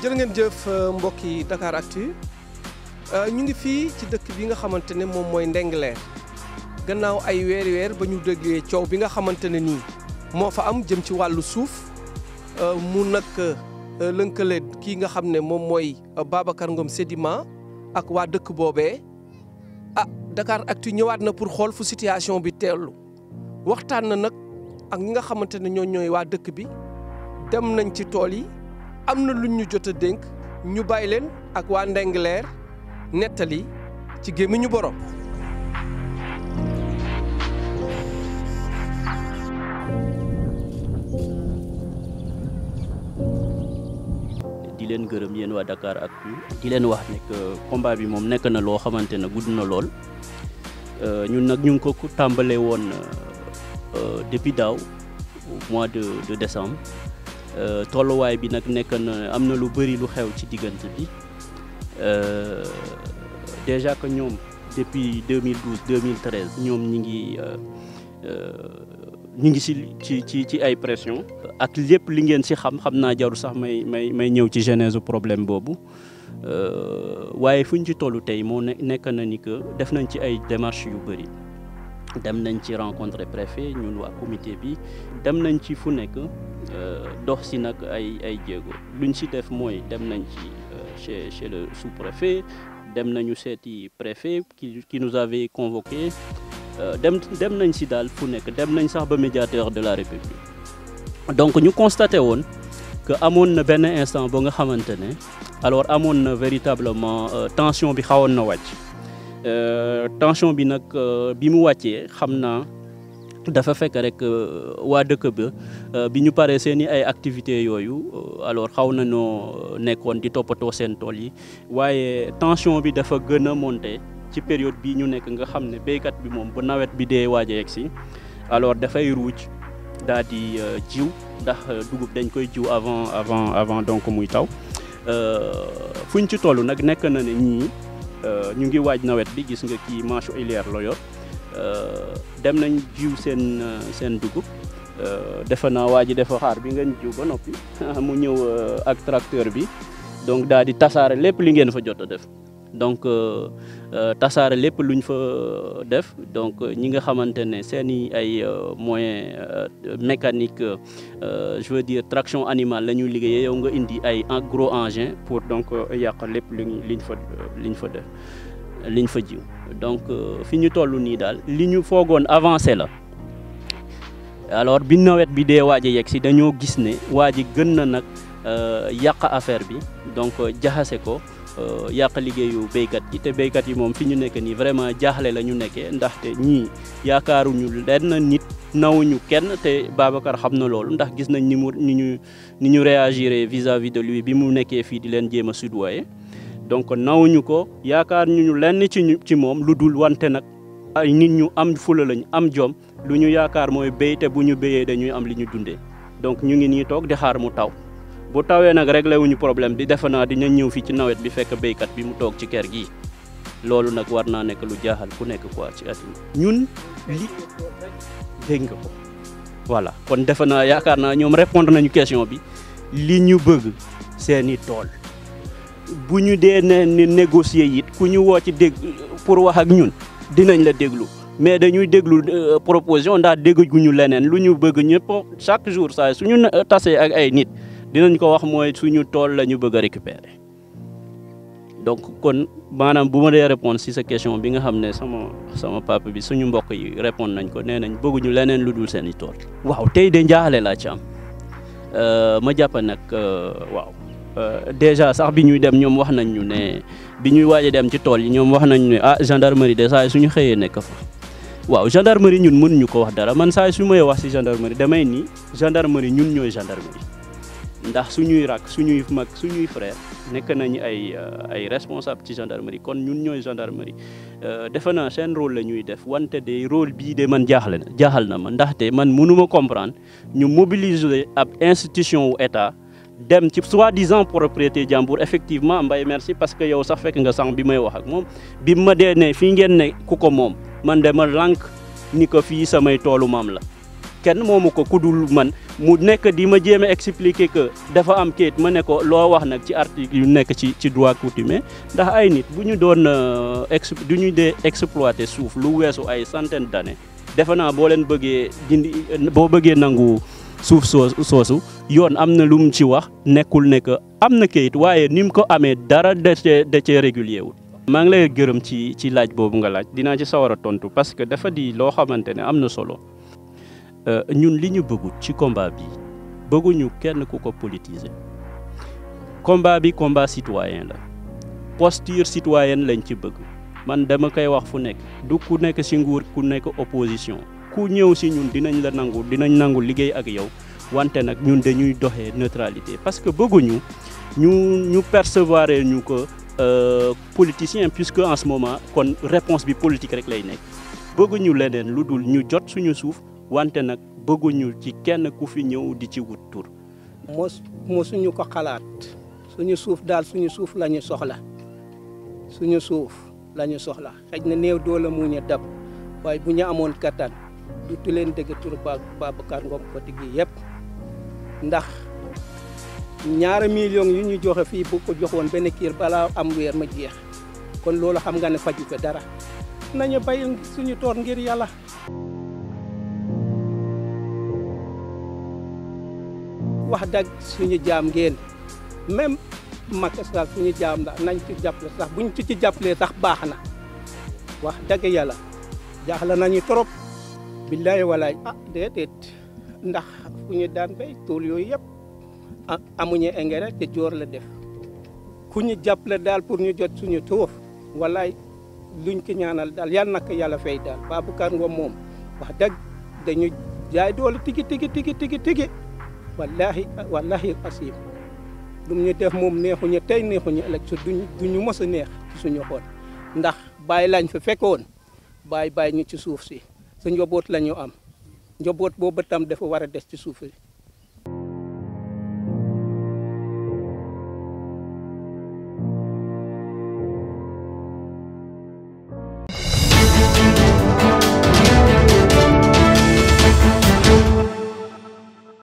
jërë ngeen jëf euh, mbokki Dakar Actu euh, ñu ngi fii ci dëkk bi nga xamante ne moom mooy Ndingler gannaaw ay weer weer ba ñu déggee coow bi nga xamante ne nii moo fa am jëm ci wàllu suuf euh, mu nag lënkale kii nga xam ne moom mooy Babacar Ngom Sedima ak waa dëkk boobee ah Dakar Actu ñëwaat na pour xool fu situation bi teelu waxtaan na nag ak ñi nga xamante ne ñoo ñooy waa dëkk bi dem nañ ci tool yi am na luñ ñu jot a dénk ñu bàyyi leen ak waa Ndingler nettali ci gémmiñu borom. di leen gërëm yéen waa Dakaractu di leen wax ne que combat bi moom nekk na loo xamante ne gudd na lool euh, ñun nag ñu ngi ko tàmbale woon euh, euh, depuis daaw mois de de décembre. Euh, tolluwaay bi nak nek na amna lu bëri lu xew ci diggante bi euh, déjà que ñom depuis 2012 2013 ñom ñi ngi euh, ñi ngi si ci ci ci ay pression ak lépp li ngeen ci xam xam naa jaru sax may may may ci genèse problème bobu. euh waye fuñ ci tollu tay mo nek na ni que def nañ ci ay démarches yu bëri dem nañ ci rencontre préfet ñun wa comité bi dem nañ ci fu nek euh, dox si nag ay ay jéego luñ si def mooy dem nañ ci euh, chez chez le sous-préfet dem nañu seeti préfet qui qui nous avait convoqué euh, dem dem nañ si daal fu nekk dem nañ sax ba médiateur de la république donc ñu constaté woon que amoon na benn instant ba nga xamante ne alors amoon na véritablement tension bi xawoon na wàcc tension bi nag bi mu wàccee xam naa dafa fekk rek euh, waa dëkk ba euh, bi ñu paree seen i ay activités yooyu euh, alors xaw nañoo nekkoon di toppatoo seen tool yi waaye tension bi dafa gën a monter ci période bi ñu nekk nga xam ne béykat bi moom bu nawet bi dee waaj a si alors dafay ruuj daa di jiw ndax dugub dañ koy jiw avant avant avant donc muy taw fuñ ci toll nag nekk na ne ñii ñu ngi waaj nawet bi gis nga kii manche ileer la euh, dem nañ jiw seen euh, seen dugub euh, defe naa waa ji dafa xaar bi ngeen jiw ba noppi mu ñëw ak tracteur bi donc daal di tasaare lépp li ngeen fa jot a def donc tasaare lépp luñ fa def donc ñi nga xamante ne seeni ay moyens mécaniques je veux dire traction animale la ñuy liggéeyee yow nga indi ay gros engin pour donc yàq lépp liñ liñ fa liñ fa def liñ donc euh, fi ñu fait. li ñu la alors bi nawet bi dé a gis né gën na euh, affaire bi donc euh, jaxase ko yàq liggéeyu béykat yi te béykat yi mom fi ñu nekk vraiment jaxlé la ñu nit kenn te Babacar xamna ndax gis nañ ni ñu ni ñu vis-à-vis de lui bi mu fi di donc nawuñu ko yaakaar ñu lenn ci ci moom lu dul wante nag ay nit ñu am fula lañ am jom lu ñu yaakaar mooy béy bu ñu béyee dañuy am li ñu dundee donc ñu ngi nii toog di xaar mu taw bu tawee nag réglé wuñu problème bi defe naa dina ñëw fii ci nawet bi fekk béykat bi mu toog ci kër gi loolu nag war naa nekk lu jaaxal ku nekk quoi ci adduna ñun li dégg nga ko voilà kon defe naa yaakaar naa ñoom répondre nañu question bi li ñu bëgg seeni tool bu ñu dee ne négocier it ku ñu woo ci dégg pour wax ak ñun dinañ la déglu mais dañuy déglu euh, proposition ndax dégguñu leneen lu ñu bëgg ñëpp chaque jour saa suñu euh, tasee ak ay nit dinañ ko wax mooy suñu tool la ñu bëgg a récupérer donc kon maanaam bu ma dee répondre si sa question bi nga xam ne sama sama papa bi suñu mbokk yi répondre nañ ko nee nañ bëgguñu leneen lu dul seen i tool waaw tey de njaaxle laa ci am euh, ma jàpp nag waaw Euh, déjà sax bi ñuy dem ñoom wax nañ ñu ne bi ñuy waaj a dem ci tool yi ñoom wax nañ ne ah gendarmerie de saa suñu xëyee nekk fa waaw gendarmerie ñun mënuñu ko wax dara man saa su may wax si gendarmerie damay ni gendarmerie ñun ñooy gendarmerie ndax suñuy rak suñuy mag suñuy frère nekk nañu ay euh, ay responsable ci gendarmerie kon ñun ñooy gendarmerie euh, defe naa seen rôle la ñuy def wante de rôle bii de man jaaxle jaaxal na ma ndaxte man mënuma comprendre ñu mobiliser ab institution wu dem ci soi-disant propriété jàmbur effectivement Mbaye merci parce que yow sax fekk nga sang bi may wax ak mom bi ma dee ne fii ngeen ne ku ko moom man dama lank ni ko fi samay tolu mam la kenn momuko kudul man mu nek di ma jéem expliquer que dafa am kayit ma ne ko loo wax nak ci article yu nek ci ci droit coutumier ndax ay nit buñu don euh, duñu dé exploiter souf lu weesu ay centaine d'années defe naa boo leen bëggee dindi bo bëggé nangu suuf soosu soosu yoon am na lu mu ci wax nekkul ne que am na kayit waaye ni mu ko amee dara da cee da régulier wul. maa ngi lay gërëm ci ci laaj boobu nga laaj dinaa ci sawar a tontu parce que dafa di loo xamante ne am na solo euh, ñun li ñu bëggut ci combat bi bëgguñu kenn ku ko politiser. combat bi combat citoyen la posture citoyenne lañ ci bëgg man dama koy wax fu nekk du ku nekk si nguur ku nekk opposition. ku ñëw si ñun dinañ la nangu dinañ nangu liggéey ak yow wante nag ñun dañuy doxee neutralité parce que bëgguñu ñu ñu percevoir ñu ko euh, politicien puisque en ce moment kon réponse bi politique rek lay nekk bëgguñu leneen lu ñu jot suñu suuf wante nag bëgguñu ci kenn ku fi ñëw di ci wut tur mos mosuñu ko xalaat suñu suuf daal suñu suuf lañu soxla suñu suuf lañu soxla xëj na néew doole mu ñu dab waaye bu ñu du leen dégg tur Babacar Ngom Fatick gi yëpp ndax ñaari millions yu ñu joxe fii bu ko jox woon benn kiir am weer ma jeex kon loolu xam nga ne faju ko dara nañu bay suñu toor ngir yàlla wax dag suñu jaam ngeen même Macky Sall suñu jaam la nañ ci jàppale sax buñ ci ci jàppalee sax baax wax dëgg yàlla jaaxle nañu trop billaay walaay ah déedéet ndax fu ñu daan béy tool yooyu yëpp ah, amuñu engrais te joor la def ku ñu jàppale daal pour ñu jot suñu toof walaay luñ ki ñaanal daal yal na ko yàlla fay daal Babacar Ngom moom wax dëgg dañu jaay doole tigi tigi tigi tigi tigi wallahi wallahi asim lu ñu def moom neexuñu tey neexuñu ëllëg su duñ ñu mos a neex ci suñu xool ndax baay lañ fa fekkoon baay bàyyi ñu ci suuf si sa njaboot la ñu am njaboot boobu tam dafa war a des ci suuf